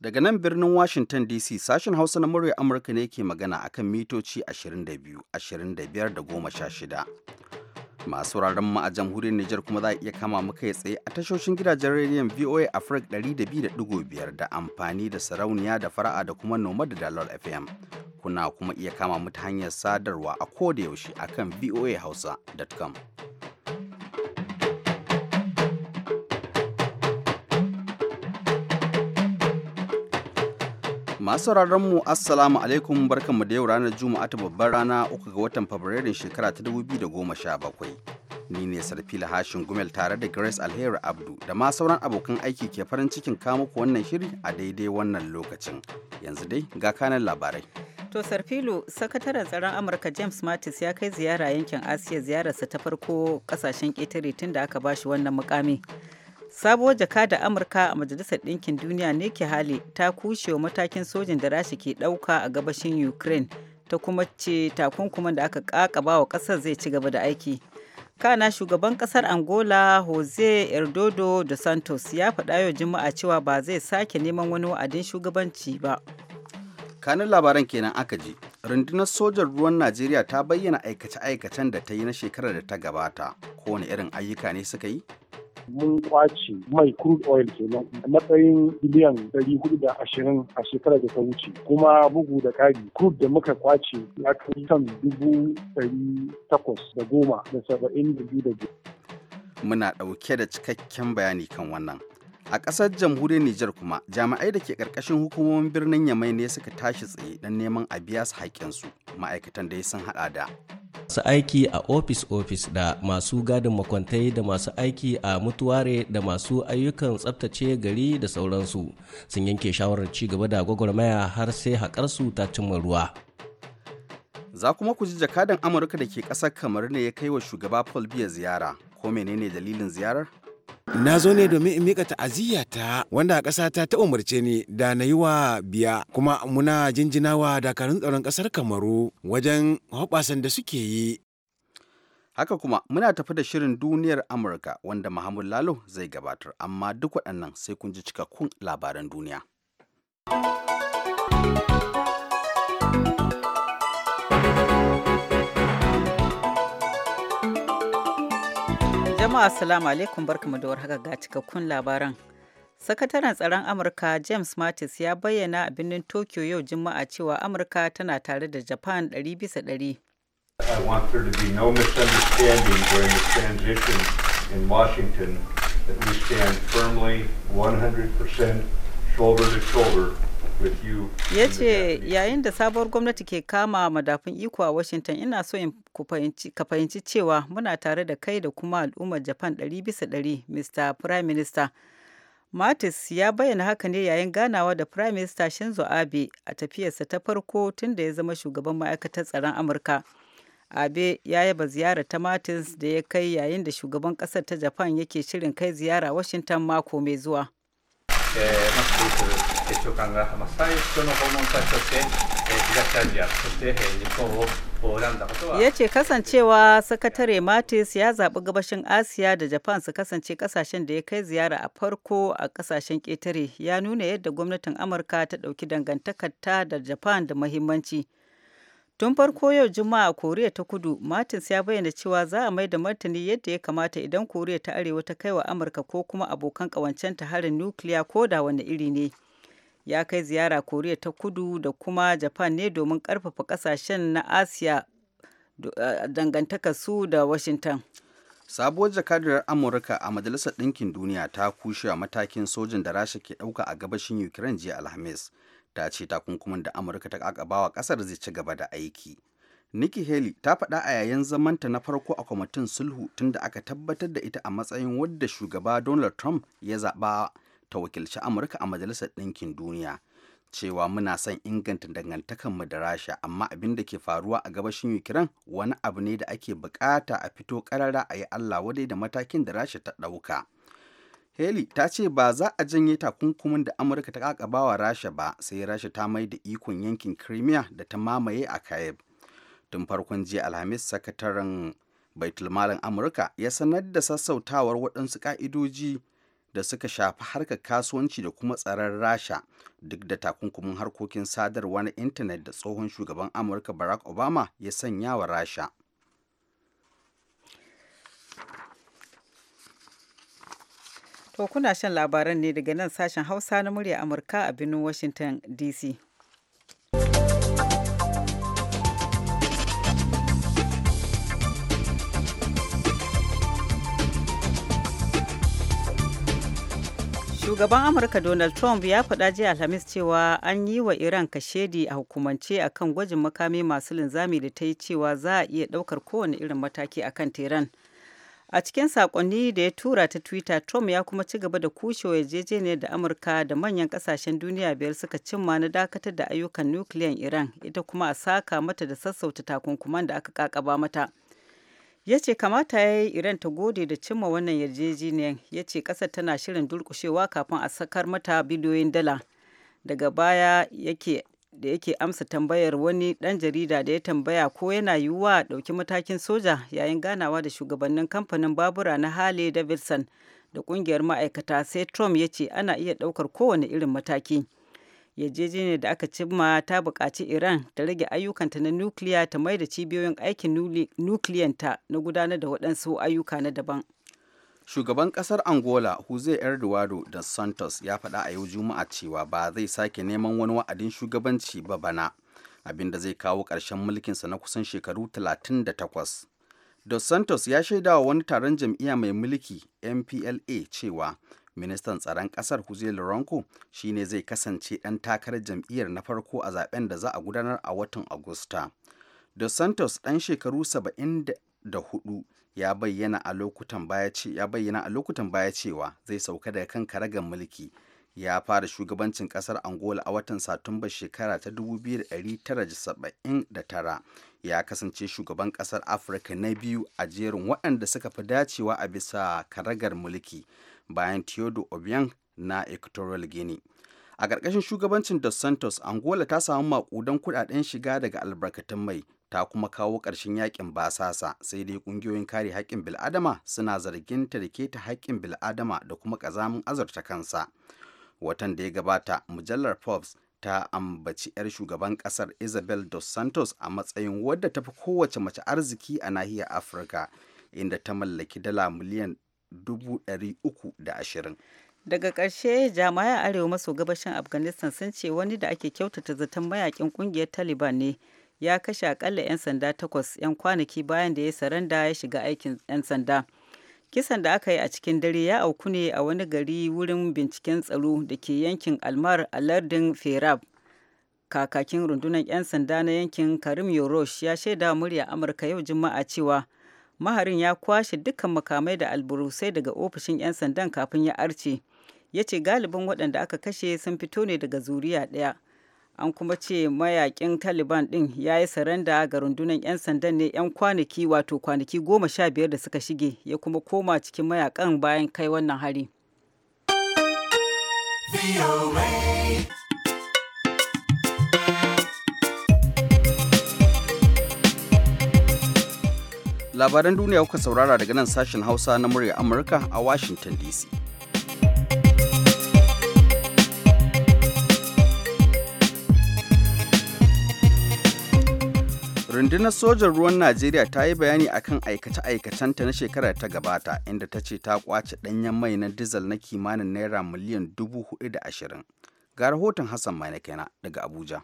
Daga nan birnin Washington DC sashen Hausa na murya Amurka ne ke magana akan mitoci 22, 25 da 16. masu wuraren mu a jamhuriyar Nijar kuma za a iya kama mu kai tsaye a tashoshin gidajen rediyon VOA Africa 200.5 da amfani da sarauniya da fara'a da kuma noma da dalar FM. Kuna kuma iya kama mu ta hanyar sadarwa a koda yaushe akan voahausa.com. Masu mu Assalamu alaikum barkanmu da yau ranar Juma'a ta babbar rana uku ga watan Fabrairun shekara ta 2017. Ni ne Sarfila Hashin Gumel tare da Grace Alheri Abdu da ma sauran abokan aiki ke farin cikin muku wannan shiri a daidai wannan lokacin. Yanzu dai ga kanan labarai. To Sarfilo, sakataren tsaron Amurka James Mattis ya kai ziyara yankin Asiya ziyararsa ta farko kasashen ƙetare tun da aka bashi wannan mukami. sabuwar jaka da amurka a majalisar ɗinkin duniya ne ke hali ta kushewa matakin sojin da rasha ke ɗauka a gabashin ukraine ta kuma ce takunkuman da aka kakaba wa ƙasar zai ci gaba da aiki kana shugaban ƙasar angola jose erdodo da santos ya faɗa yau juma'a cewa ba zai sake neman wani wa'adin shugabanci ba kanin labaran kenan aka ji rundunar sojan ruwan najeriya ta bayyana aikace-aikacen da ta yi na shekarar da ta gabata kowane irin ayyuka ne suka yi mun kwace mai crude oil kenan matsayin biliyan 420 a shekarar da ta wuce kuma bugu da kari crude da muka kwace ya kai kan dubu takwas da goma da saba'in da da Muna ɗauke da cikakken bayani kan wannan. A ƙasar jamhuriyar Nijar kuma jami'ai da ke ƙarƙashin hukumomin birnin Yamai ne suka tashi tsaye don neman a biya su haƙƙinsu ma'aikatan dai sun haɗa da masu aiki a ofis-ofis da masu gadin makwantai da masu aiki a mutuware da masu ayyukan tsabtace gari da sauransu sun yanke shawarar ci gaba da gwagwarmaya har sai haƙarsu ta cimma ruwa. Za kuma ku ji jakadan Amurka da ke ƙasar kamar ne ya kai wa shugaba Paul Biya ziyara, ko menene dalilin ziyarar? Na zo ne domin in mika ta'aziyyata wanda ƙasata ta umarce ni da na yi wa biya kuma muna jinjinawa dakarun tsaron ƙasar Kamaru wajen hoɓasan da suke yi. Haka kuma muna tafi da shirin duniyar Amurka wanda Muhammad Lalo zai gabatar amma duk waɗannan sai kun ji cikakkun labaran duniya. jama'a assalamu alaikum barkamu da warhaka ga cikakkun labaran sakataren tsaron amurka james mattis ya bayyana a birnin tokyo yau juma'a cewa amurka tana tare da japan 100 bisa 100 in Washington firmly 100% shoulder to shoulder ya ce yayin da sabuwar gwamnati ke kama madafin iko a washington ina so in ka fahimci cewa muna tare da kai da kuma al'ummar japan 100 bisa 100 mr prime minister Mattis ya bayyana haka ne yayin ganawa da Prime Minister Shinzo Abe a tafiyarsa ta farko tun da ya zama shugaban ma'aikatar tsaron Amurka. Abe ya yaba ziyara ta Mattis da ya kai yayin da shugaban kasar ta Japan yake shirin kai ziyara Washington mako mai zuwa. ya ce kasancewa sakatare matis ya zaɓi gabashin asiya da japan su kasance kasashen da ya kai ziyara a farko a kasashen ƙetare ya nuna yadda gwamnatin amurka ta ɗauki dangantakarta da japan da muhimmanci. Tun farko yau Juma'a Koriya ta Kudu, Martins ya bayyana cewa za a mai da martani yadda ya kamata idan Koriya ta Arewa ta kai wa Amurka ko kuma abokan ƙawancenta harin nukiliya ko da wani iri ne. Ya kai ziyara Koriya ta Kudu da kuma Japan ne domin karfafa kasashen na Asiya eh, dangantakar su da Washington. Sabuwar jakadiyar Amurka a Majalisar Ɗinkin Duniya ta kushe matakin sojin da Rasha ke ɗauka a gabashin Ukraine jiya Alhamis. ta ce takunkumin da amurka ta kakabawa kasar zai ci gaba da aiki nikki haley ta faɗa a yayin zamanta na farko a kwamitin sulhu tun da aka tabbatar da ita a matsayin wadda shugaba donald trump ya zaɓa ta wakilci amurka a majalisar ɗinkin duniya cewa muna son inganta dangantakanmu da rasha amma abin da ke faruwa a gabashin ukraine wani abu ne da ake bukata a fito karara a yi allah wadai da matakin da rasha ta ɗauka Haley ta ce ba za a janye takunkumin da Amurka ta kakabawa Rasha ba sai Rasha ta mai da ikon yankin Crimea da ta mamaye a kayib Tun farkon jiya Alhamis sakataren Baitulmalin Amurka ya sanar da sassautawar waɗansu ƙa'idoji da suka shafi harkar kasuwanci da kuma tsaron Rasha duk da takunkumin harkokin sadarwa na intanet da tsohon shugaban Amurka Barack Obama ya sanya wa Rasha. To kuna shan labaran ne daga nan sashen Hausa na murya Amurka a birnin Washington DC. Shugaban Amurka Donald Trump ya faɗa jiya Alhamis cewa an yi wa Iran kashedi a hukumance akan gwajin makami masu linzami da ta yi cewa za a iya ɗaukar kowane irin mataki akan Tehran. a cikin sakonni da ya tura ta twitter trump ya kuma ci gaba da kushe yarjejeniyar da amurka da manyan kasashen duniya biyar suka cimma na dakatar da ayyukan nukiliyan iran ita kuma a saka mata da sassauta takunkuman da aka kakaba mata ya ce kamata ya yi iran ta gode da cimma wannan yarjejeniyar ya ce kasar tana shirin durkushewa kafin a sakar mata biliyoyin dala daga baya yake da yake amsa tambayar wani ɗan jarida da ya tambaya ko yana yiwuwa a ɗauki matakin soja yayin ganawa da shugabannin kamfanin babura na Harley Davidson da ƙungiyar ma'aikata sai Trump ya ce ana iya ɗaukar kowane irin mataki. yarjejeniyar da aka cimma ta buƙaci Iran ta rage ayyukanta na nukiliya ta mai da cibiyoyin aikin nukiliyanta na gudanar da waɗansu ayyuka na daban. shugaban ƙasar angola jose eduardo da santos ya faɗa a yau juma'a cewa ba zai sake neman wani wa'adin shugabanci ba bana abinda zai kawo ƙarshen mulkinsa na kusan shekaru 38 dos santos ya shaida wa wani taron jam'iyya mai mulki mpla cewa ministan tsaron ƙasar jose lorenco shine zai kasance ɗan takarar jam'iyyar na farko a zaben da za a gudanar a watan agusta dos santos ɗan shekaru 74 ya bayyana a lokutan baya ya bayyana a lokutan baya cewa zai sauka daga kan karagar mulki ya fara shugabancin kasar angola a watan satumba shekara ta 1979 ya kasance shugaban kasar afirka na biyu a jerin waɗanda suka fi dacewa a bisa karagar mulki bayan tiodo obiang na equatorial guinea a ƙarƙashin shugabancin dos santos angola ta samu maƙudan kuɗaɗen shiga daga albarkatun mai ta kuma kawo ƙarshen yakin basasa sai dai ƙungiyoyin kare haƙƙin bil'adama suna zargin ta da keta haƙƙin bil'adama da kuma ƙazamin azurta kansa watan da ya gabata mujallar forbes ta ambaci 'yar shugaban ƙasar isabel dos santos a matsayin wadda ta fi kowace mace arziki a nahiyar afirka inda ta mallaki dala miliyan 320 daga ƙarshe jami'ai arewa maso gabashin afghanistan sun ce wani da ake kyautata zaton mayakin ƙungiyar taliban ne ya kashe akalla 'yan sanda takwas 'yan kwanaki bayan da ya saranda ya shiga aikin 'yan sanda. Kisan da aka yi a cikin dare ya auku ne a wani gari wurin binciken tsaro da ke yankin Almar a lardin Ferab. Kakakin rundunar 'yan sanda na yankin Karim Yorosh ya shaida murya Amurka yau Juma'a cewa maharin ya kwashe dukkan makamai da alburusai daga ofishin 'yan sandan kafin ya arce. Ya ce galibin waɗanda aka kashe sun fito ne daga zuriya ɗaya. an kuma ce mayakin taliban din ya yi saranda ga rundunar 'yan sandan ne 'yan kwanaki wato kwanaki goma sha biyar da suka shige ya kuma koma cikin mayakan bayan kai wannan hari labaran duniya kuka saurara daga nan sashen hausa na murya amurka a washington dc rundunar sojan ruwan najeriya ta yi bayani akan aikace-aikacenta na shekarar ta gabata inda ta ce ta kwace danyen mai na dizal na kimanin naira miliyan 420 ga rahoton hassan mai daga abuja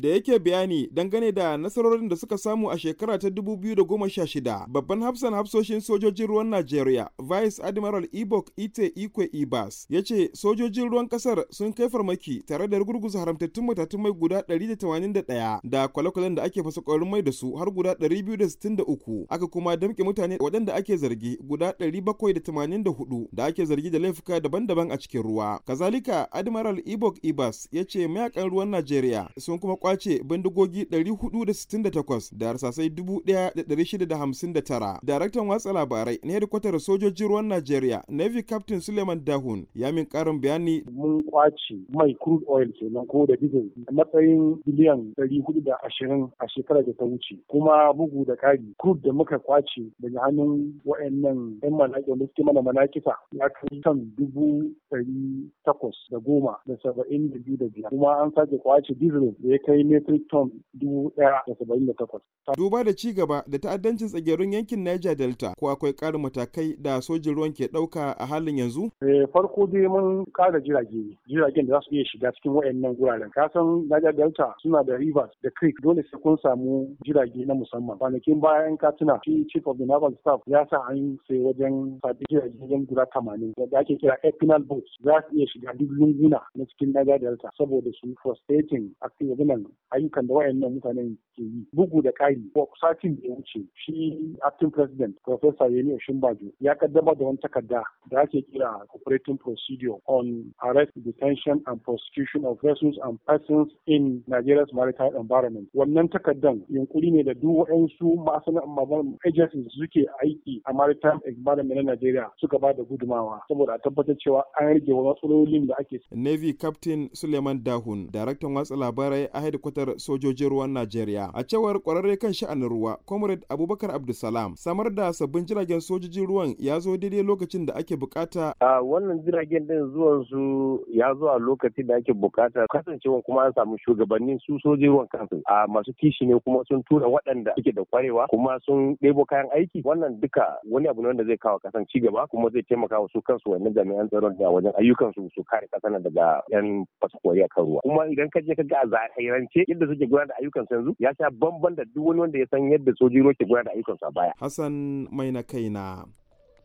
da yake bayani dangane da nasarorin da suka samu a shekara ta 2016 babban hafsan hafsoshin sojojin ruwan najeriya vice admiral ibok ite ikwe ibas ya ce sojojin ruwan kasar sun kai farmaki tare da gurguza haramtattun matatun mai guda 181 da kwale-kwalen da ake fasa mai da su har guda 263 aka kuma damke mutane waɗanda ake zargi guda 784 da ake zargi da laifuka daban-daban a cikin ruwa kazalika admiral ibok ibas ya ce mayakan ruwan najeriya sun kuma kwace bindigogi 468 da harsasai 1,659. Daraktan watsa labarai na hedikwatar sojojin ruwan Najeriya, Navy Captain Suleiman Dahun ya min karin bayani. Mun kwace mai crude oil kenan ko da diesel a matsayin biliyan 420 a shekarar da ta wuce. Kuma bugu da kari crude da muka kwace daga hannun wa'annan 'yan malaƙi wanda suke mana kisa ya kai kan dubu ɗari takwas da goma da saba'in da biyu da biyar. Kuma an sake kwace diesel da ya kai kai metric ton dubu daya da saba'in da takwas. Duba da ci gaba da ta'addancin tsagerun yankin Niger Delta ko akwai karin matakai da sojin ruwan ke ɗauka a halin yanzu? Eh, farko dai mun ƙara jirage jiragen da za su iya shiga cikin wayannan guraren. Kasan Niger Delta suna da rivers da creek dole sai kun samu jirage na musamman. Kwanakin bayan katina shi chief of the naval staff ya sa an sai wajen sabbin jiragen guda tamanin da ake kira epinal boats za su iya shiga duk lunguna na cikin Niger Delta saboda su frustrating active akan ayyukan da waɗannan mutanen ke yi bugu da ƙari ko satin da wuce shi acting president professor Yemi Oshimbajo ya kaddamar da wani takarda da ake kira operating procedure on arrest detention and prosecution of vessels and persons in Nigeria's maritime environment wannan takardan yunkuri ne da duk wayansu masana'an agencies suke aiki a maritime environment na Nigeria suka ba da gudumawa saboda a tabbatar cewa an rage matsalolin da ake Navy Captain Suleiman Dahun daraktan watsa labarai hedikwatar sojojin ruwan Najeriya. A cewar kwararre kan sha'anin ruwa, Comrade Abubakar Abdulsalam, samar da sabbin jiragen sojojin ruwan ya zo daidai lokacin da ake bukata. A wannan jiragen din zuwan su ya zo a lokacin da ake bukata. kasancewa kuma an samu shugabannin su sojojin ruwan kansu. A masu kishi ne kuma sun tura waɗanda suke da kwarewa kuma sun ɗebo kayan aiki. Wannan duka wani abu ne wanda zai kawo kasan ci gaba kuma zai taimaka wa su kansu wannan jami'an tsaron da wajen ayyukansu su kare kasana daga 'yan fasikoriya kan ruwa. Kuma idan ka je ka ga a zahirar tsarance yadda suke gudanar da ayyukan yanzu ya sha bamban da duk wani wanda ya san yadda sojoji ke gudanar da ayyukan a baya Hassan mai na kai na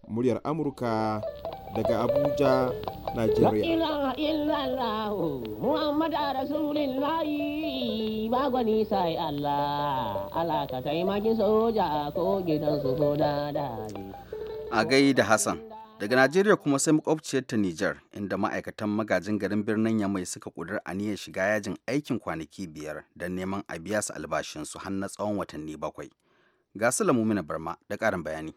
muryar Amurka daga Abuja Najeriya Rasulullahi ba gwani sai Allah soja ko gidan su ko a gai da Hassan daga najeriya kuma sai makwabciyar ta nijar inda ma'aikatan magajin garin birnin yamai suka kudur aniyar shiga yajin aikin kwanaki biyar don neman a biya su albashinsu har na tsawon watanni bakwai ga su lamumina barma da karin bayani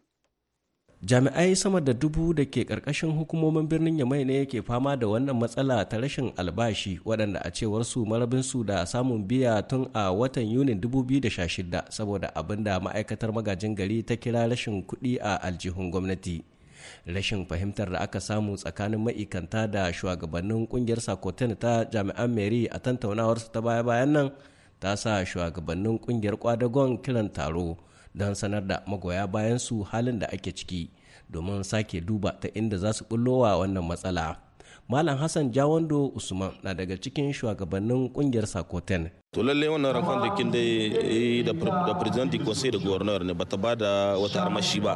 jami'ai sama da dubu da ke karkashin hukumomin birnin yamai ne ke fama da wannan matsala ta rashin albashi waɗanda a cewar su marabinsu da samun biya tun a watan yunin 2016 saboda abin da ma'aikatar magajin gari ta kira rashin kuɗi a aljihun gwamnati rashin fahimtar da aka samu tsakanin ma'ikanta da shugabannin kungiyar sakotin ta jami'an mary a su ta baya-bayan nan ta sa shugabannin kungiyar kwadagon kiran taro don sanar da magoya bayan su halin da ake ciki domin sake duba ta inda za su wa wannan matsala malam hassan jawando usman na daga cikin shugabannin kungiyar sakoten to lalle wannan rakon da kin eh, da da president conseil da governor ne bata ba da wata armashi ba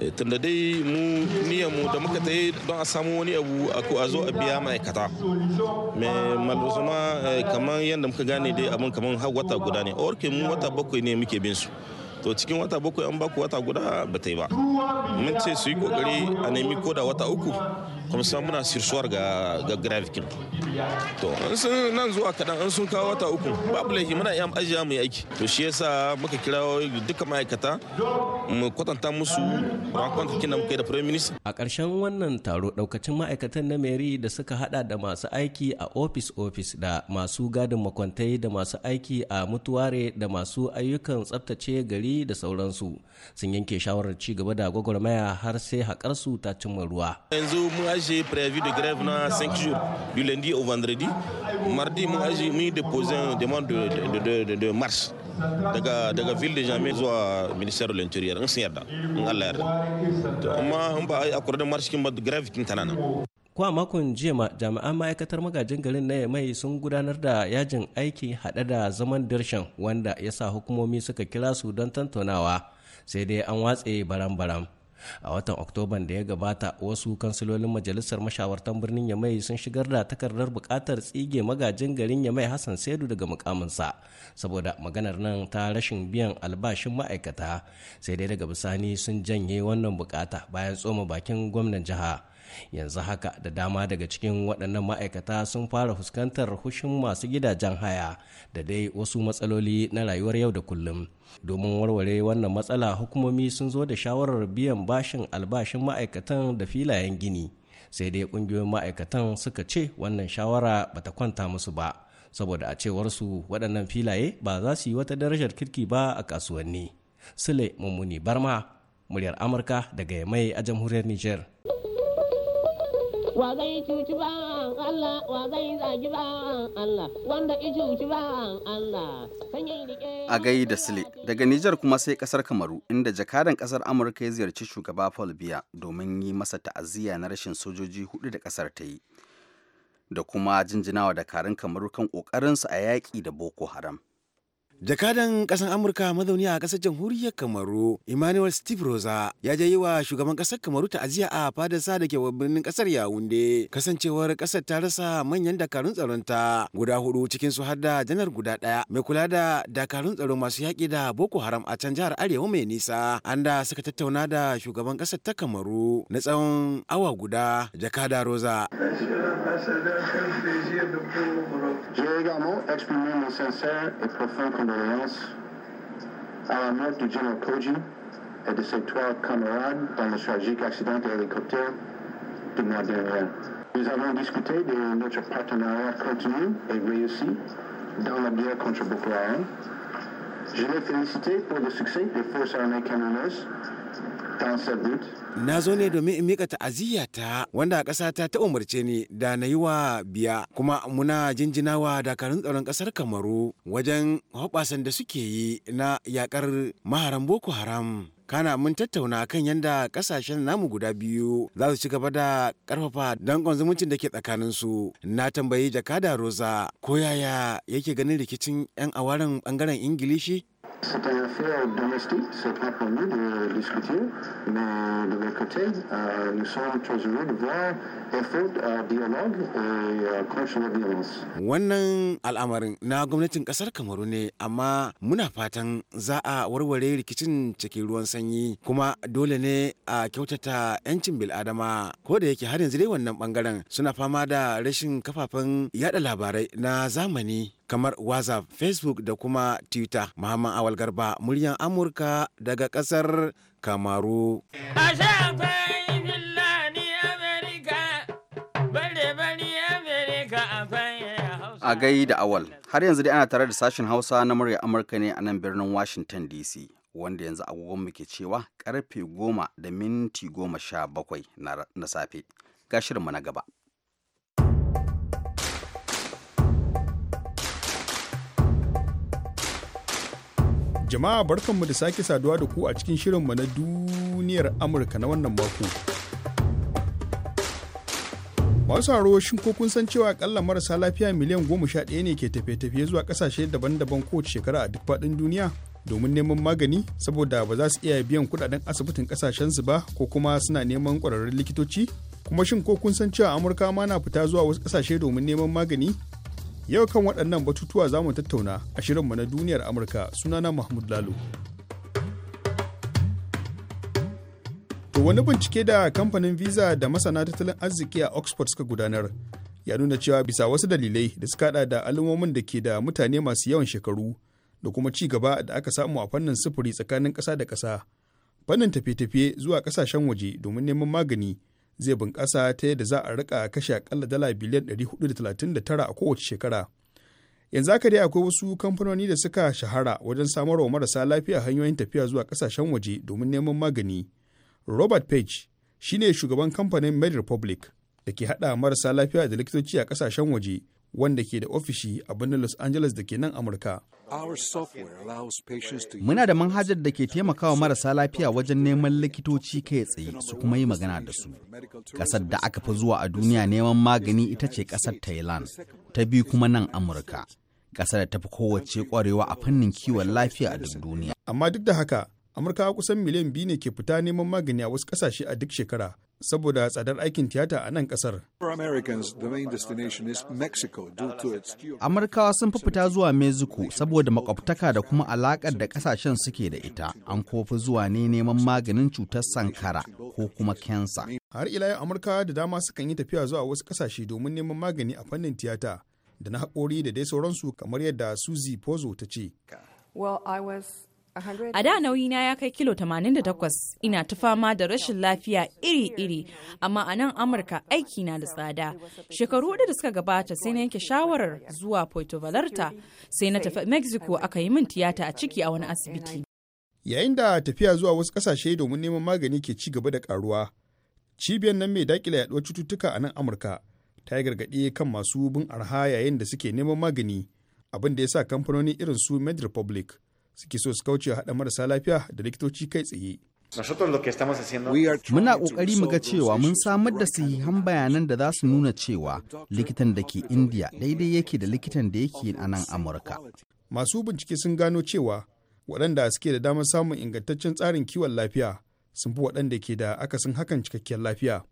Eh, tunda dai mu mu da muka yi don a samu wani abu a zo a biya ma'aikata mai malusuma eh, kamar yadda muka gane dai abin kamar har wata guda ne warke mu wata bakwai ne muke bin su to cikin wata bakwai an baku wata guda ba ta yi ba mun ce su yi kokari a nemi koda wata uku hamsin muna sirsuwar ga ga grafikin to in sun nan zuwa kadan in sun kawo wata uku babu laifi muna iya ajiya mu aiki to shi yasa muka kira duka ma'aikata mu kwatanta musu ba kin da muka yi da prime minister a ƙarshen wannan taro ɗaukacin ma'aikatan na meri da suka hada da masu aiki a office office da masu gadin makwantai da masu aiki a mutuware da masu ayyukan tsaftace gari da sauransu sun yanke shawarar ci gaba da gwagwarmaya har sai haƙarsu ta cimma ruwa yanzu mun j'ai prévu de grève dans 5 jours, du lundi au vendredi. Mardi, mun aji déposé une demande de, de, de, de de marche daga la ville de Jamais zuwa ministère de l'intérieur un sun yarda in Allah yarda to amma in ba a akwai marche grève qui m'a kwa makon jiya ma jami'an ma'aikatar magajin garin na mai sun gudanar da yajin aiki haɗe da zaman dirshan wanda ya sa hukumomi suka kira su don tantaunawa sai dai an watse baram-baram a watan oktoban da ya gabata wasu kansilolin majalisar mashawartan birnin yamai sun shigar da takardar bukatar tsige magajin garin yamai hassan saidu daga mukaminsa saboda maganar nan ta rashin biyan albashin ma'aikata sai dai daga bisani sun janye wannan bukata bayan tsoma bakin gwamnan jiha yanzu haka da dama daga cikin waɗannan ma'aikata sun fara fuskantar hushin masu gidajen haya da dai wasu matsaloli na rayuwar yau da kullum domin warware wannan matsala hukumomi sun zo da shawarar biyan bashin albashin ma'aikatan da filayen gini sai dai ƙungiyoyin ma'aikatan suka ce wannan shawara bata kwanta musu ba saboda a cewar su waɗannan filaye ba za su yi wata darajar kirki ba a kasuwanni sule mummuni barma muryar amurka daga mai a jamhuriyar niger wa zai cuci ba Allah wa zai zagi ba Allah wanda cuci ba Allah a gai da sile daga Nijar kuma sai kasar Kamaru inda jakadan kasar Amurka ya ziyarci shugaba Paul Biya domin yi masa ta'aziyya na rashin sojoji hudu da kasar ta yi da kuma jinjinawa da karin Kamaru kan kokarinsu a yaƙi da Boko Haram Jakadan kasan Amurka mazauni a kasar jamhuriyar Kamaru, Emmanuel Steve Rosa, ya je yi wa shugaban kasar Kamaru ta aziya a fadarsa da ke birnin ƙasar yawunde kasancewar kasar ta rasa manyan dakarun ta guda hudu cikin su har da janar guda ɗaya mai kula da dakarun tsaro masu yaƙi da Boko Haram a can jihar Arewa mai nisa, an da suka tattauna da shugaban kasar ta Kamaru na tsawon awa guda, Jakada Rosa. J'ai également exprimé mes sincères et profondes condoléances à la mort du général Koji et de ses trois camarades dans le tragique accident d'hélicoptère du mois dernier. Nous avons discuté de notre partenariat continu et réussi dans la guerre contre Boko Haram. Je l'ai félicité pour le succès des forces armées canadiennes. Na zo ne domin in mika ta'aziyyata wanda ƙasa ta umarce ni da na yi wa biya kuma muna jinjinawa dakarun tsaron ƙasar Kamaru wajen hoɓasan da suke yi na Yaƙar maharan Boko Haram. kana mun tattauna kan yadda ƙasashen namu guda biyu za su ci gaba da ƙarfafa dankon zumuncin da ke tsakaninsu na tambayi jakada rosa ko yaya yake ganin rikicin 'yan awarin ɓangaren ingilishi C'est un affaire domestique, c'est pas pour nous de discuter, mais de mon côté, euh, nous sommes très heureux de voir effort, euh, dialogue et euh, contre la violence. Wannan al'amarin na gwamnatin kasar Kamaru ne, amma muna fatan za a warware rikicin cikin ruwan sanyi kuma dole ne a kyautata 'yancin bil'adama ko da yake har yanzu dai wannan bangaren suna fama da rashin kafafen yada labarai na zamani kamar WhatsApp, Facebook da kuma Twitter. Muhammad Awal Garba, muryan Amurka daga kasar Kamaru. A gai da awal, har yanzu dai ana tare da sashen Hausa na murya Amurka ne a nan birnin Washington DC. wanda yanzu agogonmu ke cewa karfe goma da minti goma sha bakwai na safe ga na gaba. Jama'a barkanmu da sake saduwa da ku a cikin shirinmu na duniyar Amurka na wannan mako. Masu haro shin ko kun san cewa akalla marasa lafiya miliyan goma sha ɗaya ne ke tafiye-tafiye zuwa ƙasashe daban-daban kowace shekara a duk faɗin duniya domin neman magani saboda ba za su iya biyan kuɗaɗen asibitin ƙasashensu ba ko kuma suna neman ƙwararrun likitoci? Kuma shin ko kun san cewa Amurka ma na fita zuwa wasu ƙasashe domin neman magani Yau kan waɗannan batutuwa za mu tattauna a shirinmu na duniyar Amurka sunana Mahmud Lalo. To wani bincike da kamfanin Visa da masana tattalin arziki a Oxford suka gudanar ya nuna cewa bisa wasu dalilai da suka hada da alamomin da ke da mutane masu yawan shekaru da kuma ci gaba da aka samu a fannin sufuri tsakanin ƙasa da ƙasa. Fannin tafiye-tafiye zuwa ƙasashen waje domin neman magani zai bunkasa ta yadda za a rika kashe akalla dala biliyan 439 a kowace shekara. Yanzu haka dai akwai wasu kamfanoni da suka shahara wajen samar wa marasa lafiya hanyoyin tafiya zuwa kasashen waje domin neman magani. Robert Page shine shugaban kamfanin Med Republic da ke haɗa marasa lafiya da likitoci a kasashen waje wanda ke da ofishi a birnin Los Angeles da ke nan Amurka. Muna da manhajar da ke taimakawa marasa lafiya wajen neman likitoci kai tsaye su kuma yi magana da su. Ƙasar da aka fi zuwa a duniya neman magani ita ce ƙasar Thailand, ta biyu kuma nan Amurka. Ƙasar da ta fi kowace ƙwarewa a fannin kiwon lafiya a duk duniya. Amma duk da haka, amurka kusan miliyan biyu ne ke fita neman magani a wasu kasashe a duk shekara saboda tsadar aikin tiyata a nan kasar amurkawa sun fi fita zuwa mexico saboda makwabtaka da kuma alakar da kasashen suke da ita an kofi zuwa ne neman maganin cutar sankara ko kuma kensa har ila yau amurkawa da dama sukan yi tafiya zuwa wasu kasashe domin neman magani a fannin tiyata da na haƙori da dai sauransu kamar yadda suzy pozo ta ce well, I A da nauyi na ya kai kilo 88 ina ta fama da rashin lafiya iri-iri, amma a nan Amurka aiki na da tsada. Shekaru hudu da suka gabata sai na yanke shawarar zuwa Puerto Vallarta sai na tafi Mexico aka yi min tiyata a ciki a wani asibiti. Yayin da tafiya zuwa wasu kasashe domin neman magani ke ci gaba da karuwa, cibiyar nan mai dakila yaɗuwar cututtuka a nan Amurka ta yi gargaɗi kan masu bin arha yayin da suke neman magani, abin da ya sa kamfanoni irin su Med Republic suke so su kauce haɗa marasa lafiya da likitoci kai tsaye. Muna ƙoƙari ga cewa mun samar da sahihan bayanan da za su nuna cewa likitan da ke India daidai yake da likitan da yake a nan Amurka. Masu bincike sun gano cewa waɗanda suke da damar samun ingantaccen tsarin kiwon lafiya sun fi waɗanda ke da akasin hakan cikakkiyar lafiya.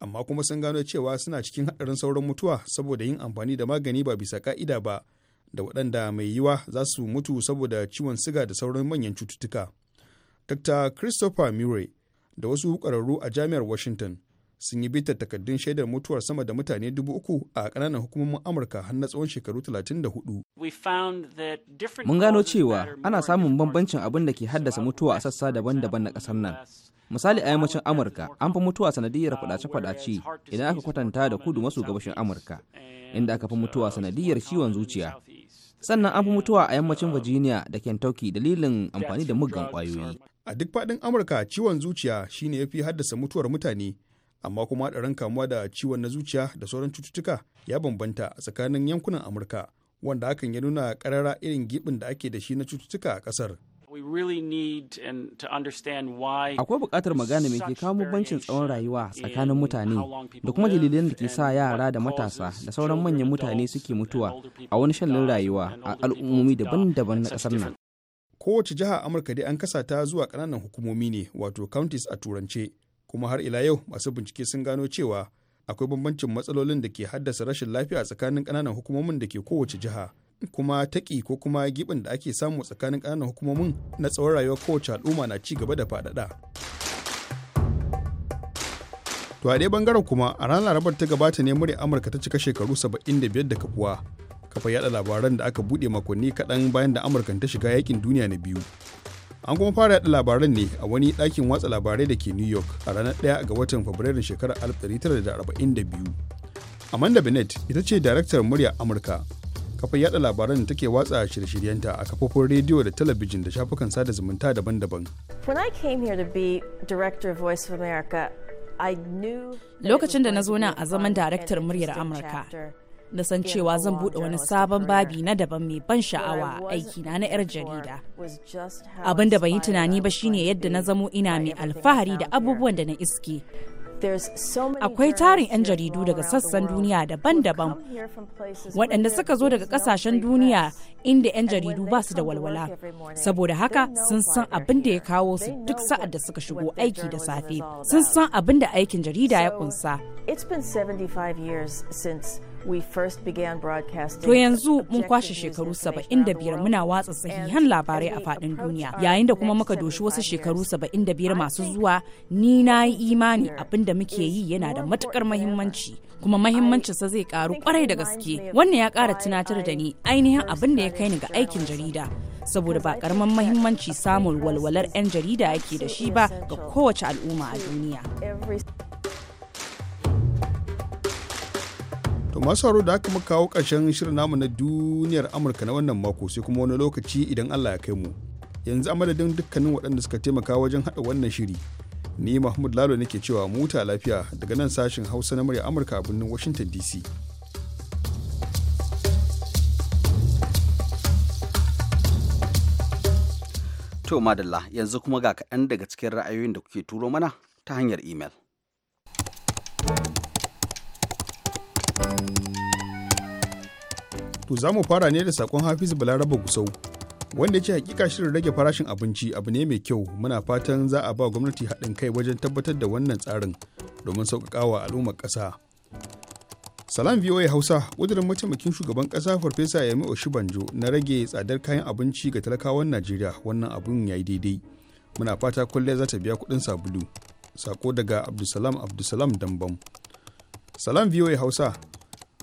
Amma kuma sun gano cewa suna cikin haɗarin sauran mutuwa saboda yin amfani da magani ba bisa ƙa'ida ba da waɗanda mai yiwa za su mutu saboda ciwon siga da sauran manyan cututtuka. Dr. Christopher Murray da wasu ƙwararru a Jami'ar Washington sun yi bitar takaddun shaidar mutuwar sama da mutane dubu uku a ƙananan hukumomin Amurka har na tsawon shekaru 34. Mun gano cewa ana samun bambancin abin da ke haddasa mutuwa a sassa daban-daban na ƙasar nan. misali a yammacin amurka an fi mutuwa sanadiyar fadace-fadace idan aka kwatanta da kudu maso gabashin amurka inda aka fi mutuwa sanadiyar ciwon zuciya sannan an fi mutuwa a yammacin virginia da kentucky dalilin amfani da muggan kwayoyi a duk faɗin amurka ciwon zuciya shine ya fi haddasa mutuwar mutane amma kuma haɗarin kamuwa da ciwon na zuciya da sauran cututtuka ya bambanta tsakanin yankunan amurka wanda hakan ya nuna karara irin gibin da ake da shi na cututtuka a ƙasar Akwai buƙatar magana mai ke kawo bambancin tsawon rayuwa tsakanin mutane da kuma dalilan da ke sa yara da matasa da sauran manyan mutane suke mutuwa a wani shallin rayuwa a al'ummomi daban-daban na ƙasar nan. Kowace jiha Amurka dai an kasa ta zuwa ƙananan hukumomi ne wato counties a turance kuma har ila yau masu bincike sun gano cewa akwai bambancin matsalolin da ke haddasa rashin lafiya tsakanin ƙananan hukumomin da ke kowace jiha. kuma taƙi ko kuma gibin da ake samu tsakanin ƙananan hukumomin na tsawon rayuwar kowace al'umma na ci gaba da faɗaɗa. To a ɗaya bangaren kuma a ranar Larabar ta gabata ne murya Amurka ta cika shekaru 75 da kafuwa. Kafa yaɗa labaran da aka buɗe makonni kaɗan bayan da Amurka ta shiga yakin duniya na biyu. An kuma fara yaɗa labaran ne a wani ɗakin watsa labarai da ke New York a ranar ɗaya ga watan Fabrairun shekarar 1942. Amanda Bennett ita ce daraktar murya Amurka kafar yada labaran da take watsa shirye-shiryenta a kafofin rediyo da talabijin da shafukan sada zumunta daban-daban. Lokacin da na zo nan a zaman daraktar muryar Amurka, na san cewa zan buɗe wani sabon babi na daban mai ban sha'awa aikina na 'yar jarida. Abin da ban yi tunani ba shine yadda na zamo ina mai alfahari da abubuwan da na iske Akwai tarin 'yan jaridu daga sassan duniya daban-daban waɗanda suka zo daga ƙasashen duniya inda 'yan jaridu ba su da walwala. Saboda haka sun san abin da ya kawo su duk sa'ad da suka shigo aiki da safe. Sun san abin da aikin jarida ya kunsa. To yanzu mun kwashe shekaru saba'in da biyar muna watsa sahihan labarai a faɗin duniya yayin da kuma muka doshi wasu shekaru saba'in da biyar masu zuwa ni na yi imani abin da muke yi yana da matukar mahimmanci kuma mahimmancinsa zai karu kwarai da gaske wannan ya ƙara tunatar da ni ainihin abin da ya kai ni ga aikin jarida saboda ba karamin mahimmanci samun walwalar 'yan jarida yake da shi ba ga kowace al'umma a duniya. To masu haro da aka muka kawo ƙarshen shirin namu na duniyar Amurka na wannan mako sai kuma wani lokaci idan Allah ya kai mu. Yanzu a madadin dukkanin waɗanda suka taimaka wajen haɗa wannan shiri. Ni Mahmud Lalo nake cewa muta lafiya daga nan sashin Hausa na murya Amurka a birnin Washington DC. To madalla yanzu kuma ga kaɗan daga cikin ra'ayoyin da kuke turo mana ta hanyar imel. To za mu fara ne da sakon Hafiz Balaraba Gusau wanda ya ce hakika shirin rage farashin abinci abu ne mai kyau muna fatan za a ba gwamnati haɗin kai wajen tabbatar da wannan tsarin domin sauƙaƙawa al'ummar ƙasa. Salam VOA Hausa, ƙudurin mataimakin shugaban ƙasa Farfesa Yemi Oshibanjo na rage tsadar kayan abinci ga talakawan Najeriya wannan abun ya yi daidai. Muna fata kulle za ta biya kuɗin sabulu. Sako daga Abdulsalam Abdulsalam Dambam. salam voa hausa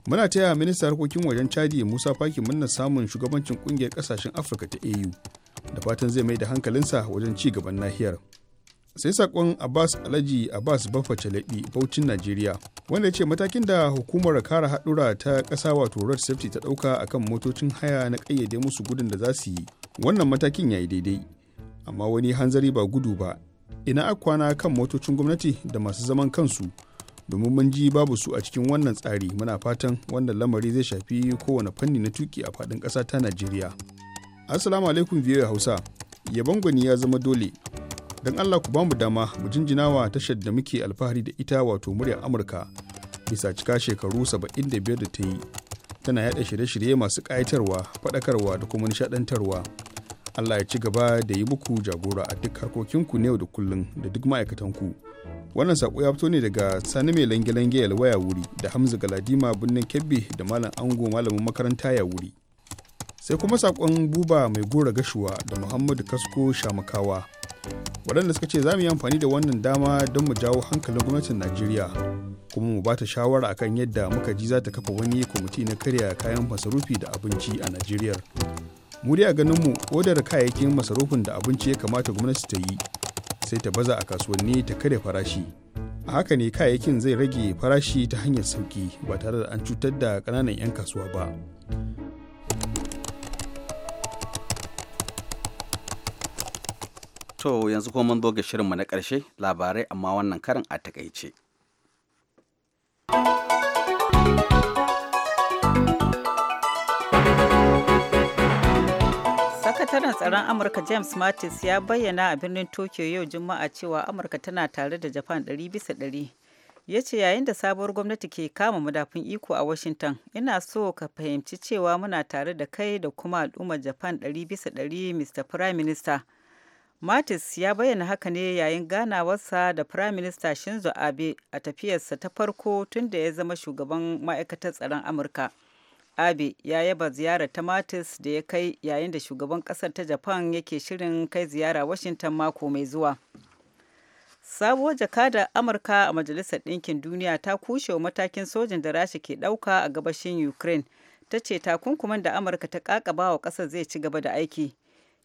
muna taya minista harkokin wajen chadi musa faki muna samun shugabancin kungiyar kasashen afirka ta au da fatan zai mai da hankalinsa wajen ci gaban nahiyar sai sakon abbas alhaji abbas baffa Chalebi baucin najeriya wanda ya ce matakin da hukumar kara hadura ta kasa wato road safety ta ɗauka akan motocin haya na kayyade musu gudun da za su yi wannan matakin ya yi daidai amma wani hanzari ba gudu ba ina akwana kan motocin gwamnati da masu zaman kansu domin mun ji babu su a cikin wannan tsari muna fatan wannan lamari zai shafi kowane fanni na tuki a faɗin ƙasa ta najeriya assalamu alaikum biyu hausa yabon gwani ya zama dole don allah ku bamu dama mu jinjina wa tashar da muke alfahari da ita wato muryar amurka bisa cika shekaru saba'in da biyar da ta yi tana yaɗa shirye-shirye masu ƙayatarwa faɗakarwa da kuma nishaɗantarwa allah ya ci gaba da yi muku jagora a duk harkokinku na yau da kullum da duk ma'aikatanku. ku wannan sako ya fito ne daga sani mai lange-lange ya wuri da hamza galadima birnin kebbi da malam ango malamin makaranta ya wuri sai kuma Saƙon buba mai gora gashuwa da muhammadu kasko shamakawa waɗanda suka ce za mu yi amfani da wannan dama don mu jawo hankalin gwamnatin najeriya kuma mu bata shawara akan yadda muka ji za ta kafa wani kwamiti na karya kayan masarufi da abinci a najeriya mu dai a ganinmu odar kayayyakin masarufin da abinci ya kamata gwamnati ta yi sai ta baza a kasuwanni ta kare farashi a haka ne kayayyakin zai rage farashi ta hanyar sauki ba tare da an cutar da ƙananan 'yan kasuwa ba to yanzu kuma mun zo ga shirinmu na ƙarshe labarai amma wannan karin a takaice. sakataren tsaron amurka james mattis ya bayyana a birnin tokyo yau juma'a cewa amurka tana tare da japan 100 bisa ya ce yayin da sabuwar gwamnati ke kama madafun iko a washington ina so ka fahimci cewa muna tare da kai da kuma al'ummar japan 100 bisa 100 mr prime minister mattis ya bayyana haka ne yayin ganawarsa da prime minister shinzo abe a tafiyarsa ta farko tun da ya zama shugaban ma'aikatar tsaron amurka Abe ya yaba ziyarar Tamatis da ya kai yayin da shugaban kasar ta Japan yake shirin kai ziyara Washington mako mai zuwa. Sabuwar jakadar Amurka a Majalisar Ɗinkin Duniya ta kushe wa matakin sojin da Rasha ke ɗauka a gabashin Ukraine. Ta ce takunkuman da Amurka ta ba wa ƙasar zai ci gaba da aiki.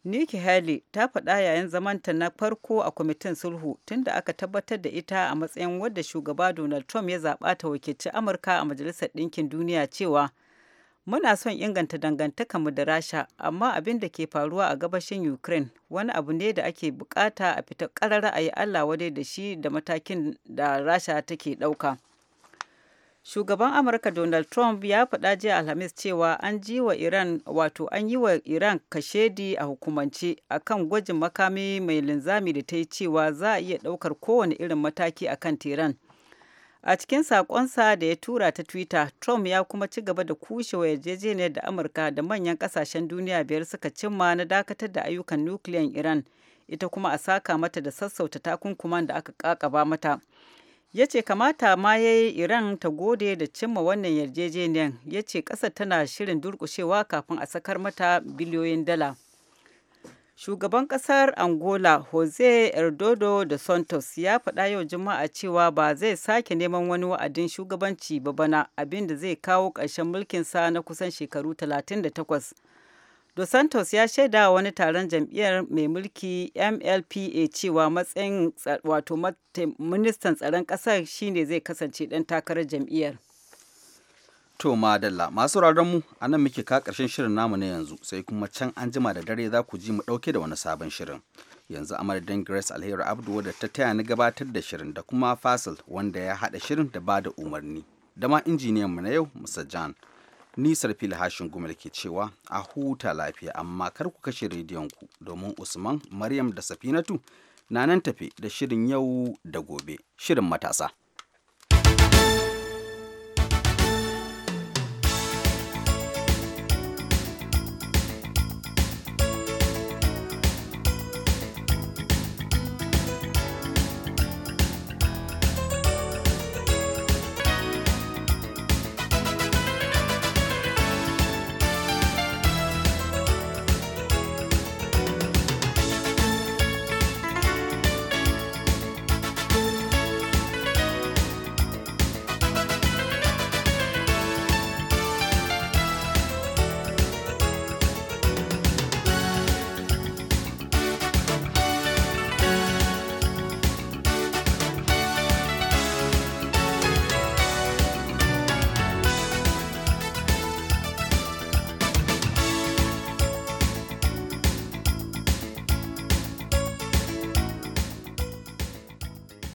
Nikki Haley ta faɗa yayin zamanta na farko a kwamitin sulhu tunda aka tabbatar da ita a matsayin wadda shugaba Donald Trump ya zaɓa ta wakilci Amurka a Majalisar Ɗinkin Duniya cewa Muna son inganta dangantakarmu da Rasha, amma abin da ke faruwa a gabashin Ukraine wani abu ne da ake bukata a fita karara a yi Allah wadai da shi da matakin da Rasha take ɗauka. Shugaban Amurka Donald Trump ya faɗa jiya Alhamis cewa an ji wa Iran wato an yi wa Iran kashedi a hukumance akan gwajin makami mai linzami da ta yi cewa za a iya ɗaukar kowane irin mataki a kan Tehran. A cikin sakonsa da ya tura ta Twitter, Trump ya kuma ci gaba da kushewa yarjejeniyar da Amurka da manyan kasashen duniya biyar suka cimma na dakatar da ayyukan nukiliyan Iran, ita kuma a saka mata da sassauta takunkuman da aka kakaba mata. Ya ce kamata ma ya yi Iran ta gode da cimma wannan yarjejeniyar, ya ce ƙasar tana shirin durƙushewa kafin a sakar mata biliyoyin dala. shugaban kasar angola jose erdodo da santos ya faɗa yau juma'a cewa ba zai sake neman wani wa'adin shugabanci ba bana abin da zai kawo ƙarshen mulkinsa na kusan shekaru 38 dos santos ya shaida wani taron jam'iyyar mai mulki mlpa cewa matsayin wato ministan tsaron ƙasar shine zai kasance ɗan takarar jam'iyyar To madalla masu mu a nan muke ka ƙarshen shirin namu na yanzu sai kuma can an jima da dare za ku ji mu ɗauke da wani sabon shirin. Yanzu a Grace Alheri Abdu wadda ta taya ni gabatar da shirin da kuma Fasil wanda ya haɗa shirin da ba da umarni. Da ma injiniyan mu na yau Musa Jan. Ni Sarfil Hashin Gumal ke cewa a huta lafiya amma kar ku kashe rediyon ku domin Usman, Maryam da Safinatu na nan tafe da shirin yau da gobe, shirin matasa.